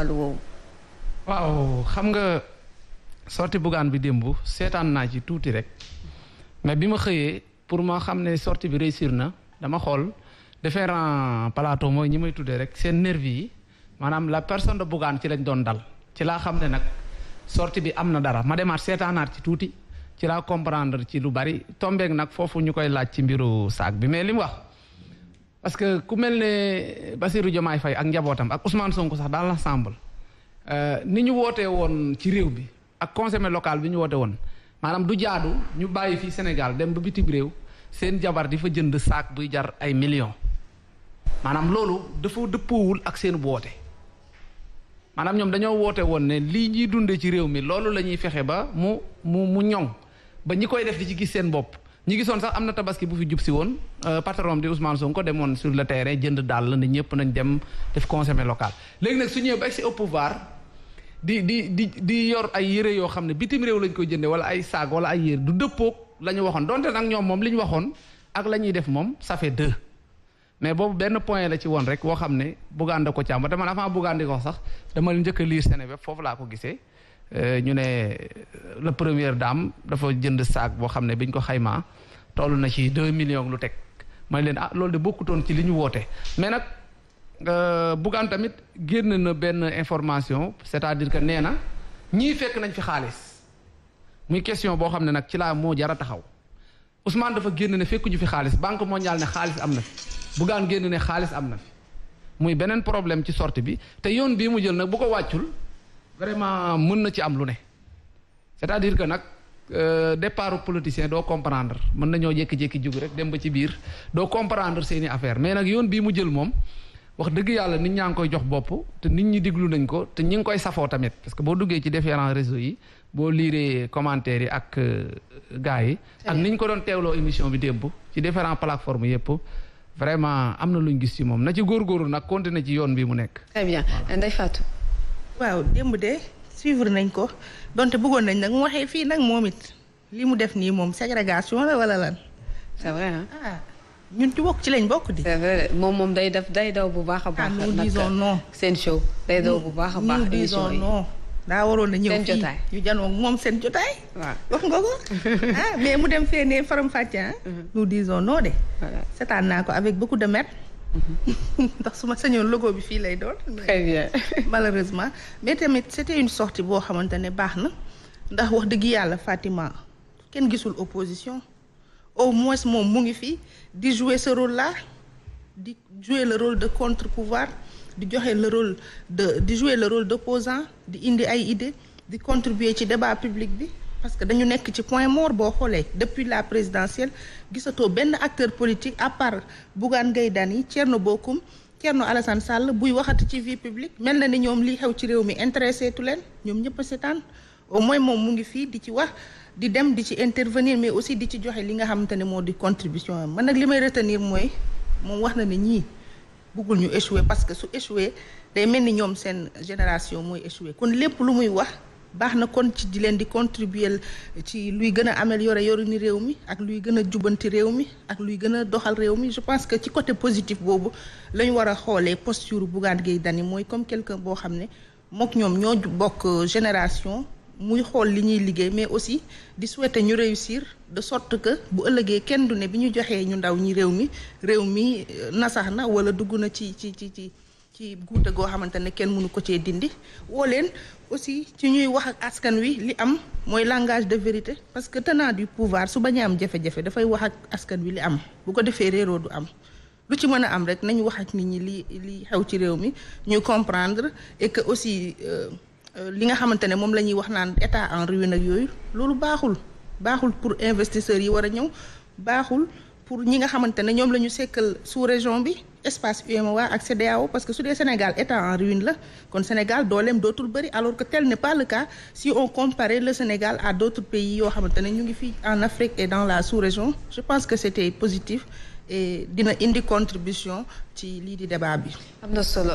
wàllu woowu. waaw xam nga sorti Bougane bi démb seetaan naa ci tuuti rek mais bi ma xëyee pour ma xam ne sorti bi réussir na dama xool deferant plateau mooy ñi may tuddee rek seen nervi yi maanaam la personne de Bougane ci lañ doon dal ci laa xam ne nag sorti bi am na dara ma demaat seetaanaat ci tuuti ci laa comprendre ci lu bari tombeek nag foofu ñu koy laaj ci mbiru saak bi mais li wax. parce que ku mel ne Bassirou Diomaye fay ak njabootam ak Ousmane Sonko sax dans l'ensemble euh, ni ñu wootee woon ci réew bi ak conseil local bi ñu woote woon maanaam du jaadu ñu bàyyi fii Sénégal dem ba bitim réew seen jabar di fa jënd saak buy jar ay millions maanaam loolu dafa dëppoowul ak seen woote maanaam ñoom dañoo woote woon ne lii ñuy dundee ci réew mi loolu la ñuy fexe ba mu mu mu ñoŋ ba ñi koy def di ci gis seen bopp ñi gisoon sax am na tabaski bu fi jub si woon euh, patron di Ousmane Sonko demoon sur le terrain jënd dàll ne ñëpp nañ dem def consommer local léegi nag su ñëwee ba si au pouvoir di di di di yor ay yére yoo xam ne bitim réew lañ ko jëndee wala ay saag wala ay yére du dëppoog la waxoon donte nag ñoom moom li ñu waxoon ak la ñuy def moom ça fait mais boobu benn point la ci woon rek boo xam ne Bougane da ko càmbar te man avant Bougane di ko sax dama njëkk a lire Seneweb foofu laa ko gisee Euh, ñu ne euh, la première dame dafa jënd saak boo xam ne biñ ko xaymaa toll na ci deux millions lu teg may leen ah loolu de bokkutoon ci li ñu woote mais nag euh, Bougane tamit génn na benn information c'est-à-dire que nee na ñii fekk nañ fi xaalis muy question boo xam ne nag ci laa moo jara taxaw Ousmane dafa génn ne fekkuñu fi xaalis banque mondiale ne xaalis am na fi Bougane génn ne xaalis am na fi muy beneen problème ci sortie bi te yoon bii mu jël nag bu ko wàccul vraiment mën na ci am lu ne c'est-à-dire que nag euh, départ politicien doo comprendre mën nañoo jékki-jékki jug rek dem ba ci biir doo comprendre seeni affaire mais nag yoon bii mu jël moom wax dëgg yàlla nit ñaa ngi koy jox bopp te nit ñi diglu nañ ko te ñi ngi koy safoo tamit parce que boo duggee ci différents réseaux yi boo liiree commentaires yi ak euh, gars yi ak ni ñu ko doon teewloo émission bi démb ci différents plateformes yëpp vraiment am na luñ gis ci moom na ci góorgóorlu nag continuer ci yoon bi mu nekk waaw démb de suivre nañ ko donte bëggoon nañ nag mu waxee fii nag moom it li mu def nii moom ségrégation la wala lan. Ah, ñun ci bokk ci lañ bokk di. moom moom day def day daw bu baax a baax. ah nous disons non seen show. bu baax a baax émission yi daa waroon na ñëw fii ñu janoo moom seen jotaay. waaw wax nga ko ah mais mu dem fee ne faram fàcce ah. Mm-hmm. nous disons de. voilà naa ko avec beaucoup de mètres. Mm-hmm. ndax su ma sañoon logo bi fii lay doon. très bien malheureusement mais tamit c'était une sortie boo xamante ne baax na ndax wax dëgg yàlla Fatima kenn gisul opposition au moins moom mu ngi fii di jouer ce rôle là di jouer le rôle de contre-pouvoir di joxe le rôle de di jouer le rôle d'opposant di indi ay idées di contribuer ci débat public bi. parce que dañu nekk ci point mort boo xoolee depuis la présidentielle gisatoo benn acteur politique à part Bougane Gueye Dany Thierno Bocoum Thierno Alassane sàll buy waxati ci vie publique mel na ni ñoom li xew ci réew mi intéressé tu leen ñoom ñëpp a seetaan au moins moom mu ngi fii di ci wax di dem di ci intervenir mais aussi di ci joxe li nga xamante ne moo di contribution am man nag li may retenir mooy moom wax na ni ñii bëggul ñu échouer parce que su échouer day mel ni ñoom seen génération mooy échouer kon lépp lu muy wax. baax na kon ci di leen di contribuer ci luy gën a améliorer yorinu réew mi ak luy gën a jubbanti réew mi ak luy gën a doxal réew mi je pense que ci côté positif boobu lañu ñu war a xoolee posture Bougane Gueye dani mooy comme quelqu'un boo xam ne mook ñoom ñoo bokk génération muy xool li ñuy liggéey mais aussi di souhaiter ñu réussir de sorte que bu ëllëgee kenn du ne bi ñu joxee ñu ndaw ñi réew mi réew mi euh, nasax na wala dugg na ci ci ci ci ci guuta goo xamante ne kenn mënu ko cee dindi woo leen aussi ci ñuy wax ak askan wi li am mooy langage de vérité parce que tenant du pouvoir su bañee am jafe-jafe dafay wax ak askan wi li am bu ko defee réeroo du am lu ci mën a am rek nañu wax nit ñi li li xew ci réew mi ñuy comprendre et que aussi euh, euh, li nga xamante ne moom la ñuy wax naan état en ruine ak yooyu loolu baaxul baaxul pour investisseurs yi war a ñëw baaxul pour ñi nga xamante ne ñoom la ñu sekkal sous région bi espace UEMOA ak CEDEAO parce que su dee Sénégal état en ruine la kon Sénégal dooleem dootul bëri alors que tel n'est pas le cas si on comparait le Sénégal à d'autres pays yoo xamante ne ñu ngi fii en Afrique et dans la sous-région je pense que c'était positif dina indi contribution ci lii di débat bi. am na solo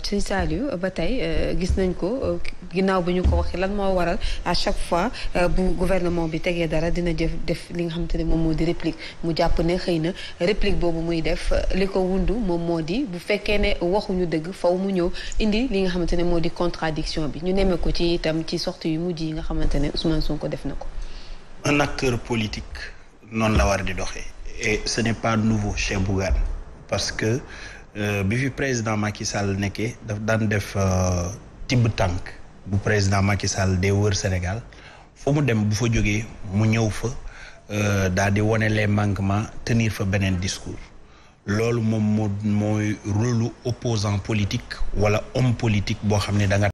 ci euh, Saliou ba tey euh, gis nañ ko euh, ginnaaw bi ñu ko waxee lan moo waral à chaque fois bu gouvernement bi tegee dara dina jëf def li nga xamante ne moom moo di réplique mu jàpp ne xëy na réplique boobu muy def li ko wundu moom moo di bu fekkee ne waxuñu dëgg fow mu ñëw indi li nga xamante ne moo di contradiction bi ñu nemee ko ci itam ci sortie yu mujj yi nga xamante ne Ousmane ko def na ko. un acteur politique noonu la war di doxee. et ce n'est pas nouveau chez Bougane parce que euh, bi fi président Macky Sall nekkee daf daan def euh, tibb tànk bu président Macky Sall dee wër Sénégal foo mu dem bu fa jógee mu ñëw fa euh, daal di wane les manquements tenir fa beneen discours loolu moom moo mooy rôle opposant politique wala homme politique boo xam ne da